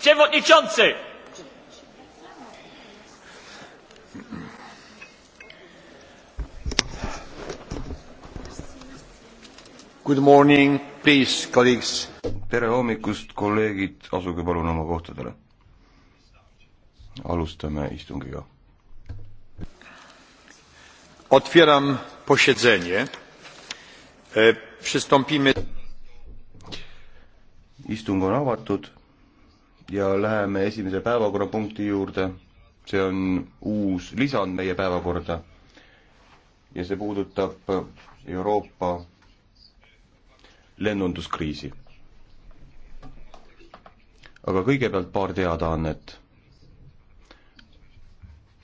Przewodniczący! Good morning, please, colleagues. tere hommikust, kolleegid, asuge palun oma kohtadele. alustame istungiga. Otwieram posiedzenie. E, przystąpimy. Istung on avatud ja läheme esimese päevakorrapunkti juurde. see on uus lisand meie päevakorda. ja see puudutab Euroopa lennunduskriisi. aga kõigepealt paar teadaannet.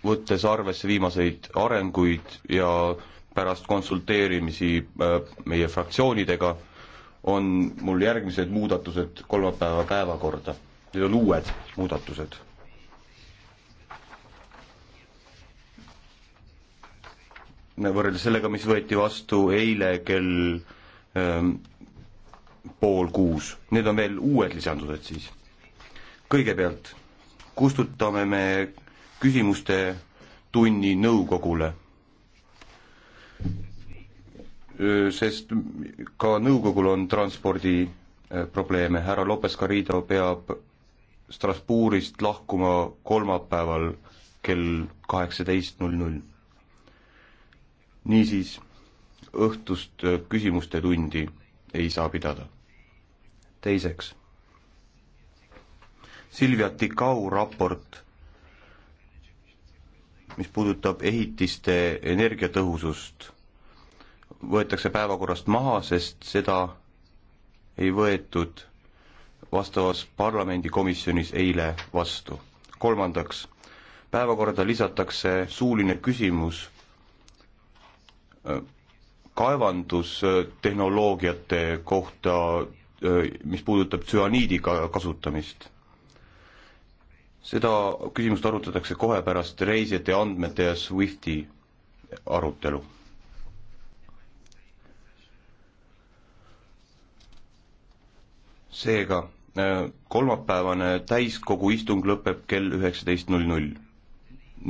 võttes arvesse viimaseid arenguid ja pärast konsulteerimisi äh, meie fraktsioonidega, on mul järgmised muudatused kolmapäeva päevakorda need on uued muudatused. võrreldes sellega, mis võeti vastu eile kell ähm, pool kuus, need on veel uued lisandused siis. kõigepealt kustutame me küsimuste tunni nõukogule. sest ka nõukogul on transpordiprobleeme, äh, härra Lopez Garrido peab Strasbourgist lahkuma kolmapäeval kell kaheksateist null null. niisiis, õhtust äh, küsimuste tundi ei saa pidada. teiseks, Silvia Tikau raport, mis puudutab ehitiste energiatõhusust, võetakse päevakorrast maha, sest seda ei võetud vastavas parlamendikomisjonis eile vastu. kolmandaks, päevakorda lisatakse suuline küsimus äh, kaevandustehnoloogiate kohta, äh, mis puudutab tsüaniidi kasutamist. seda küsimust arutatakse kohe pärast reisijate andmete ja SWIFTi arutelu seega äh, kolmapäevane täiskogu istung lõpeb kell üheksateist null null.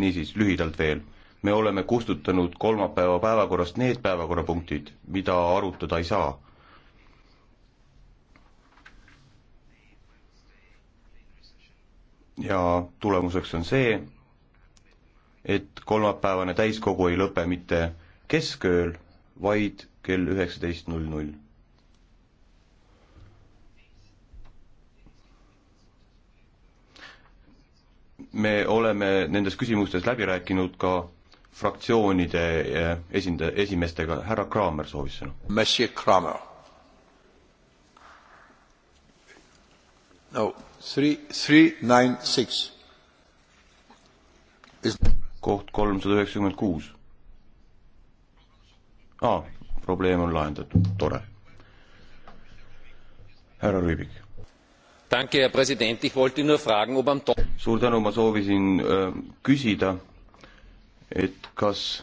niisiis, lühidalt veel, me oleme kustutanud kolmapäeva päevakorrast need päevakorrapunktid, mida arutada ei saa. ja tulemuseks on see, et kolmapäevane täiskogu ei lõpe mitte keskööl, vaid kell üheksateist null null me oleme nendes küsimustes läbi rääkinud ka fraktsioonide eh, esinda-, esimeestega, härra Kramer soovis sõna. Monsieur Kramer. no three, three nine six Is.... koht kolmsada üheksakümmend kuus. aa, ah, probleem on lahendatud, tore. härra Rüübik suur tänu, ma soovisin äh, küsida, et kas,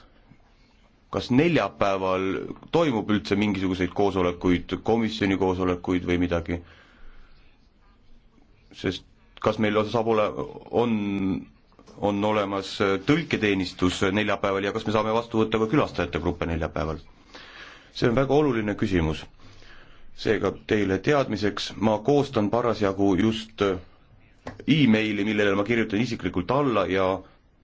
kas neljapäeval toimub üldse mingisuguseid koosolekuid, komisjoni koosolekuid või midagi? sest kas meil saab ole, on, on olemas äh, tõlketeenistus neljapäeval ja kas me saame vastu võtta ka külastajate gruppe neljapäeval? see on väga oluline küsimus seega teile teadmiseks, ma koostan parasjagu just äh, emaili, millele ma kirjutan isiklikult alla ja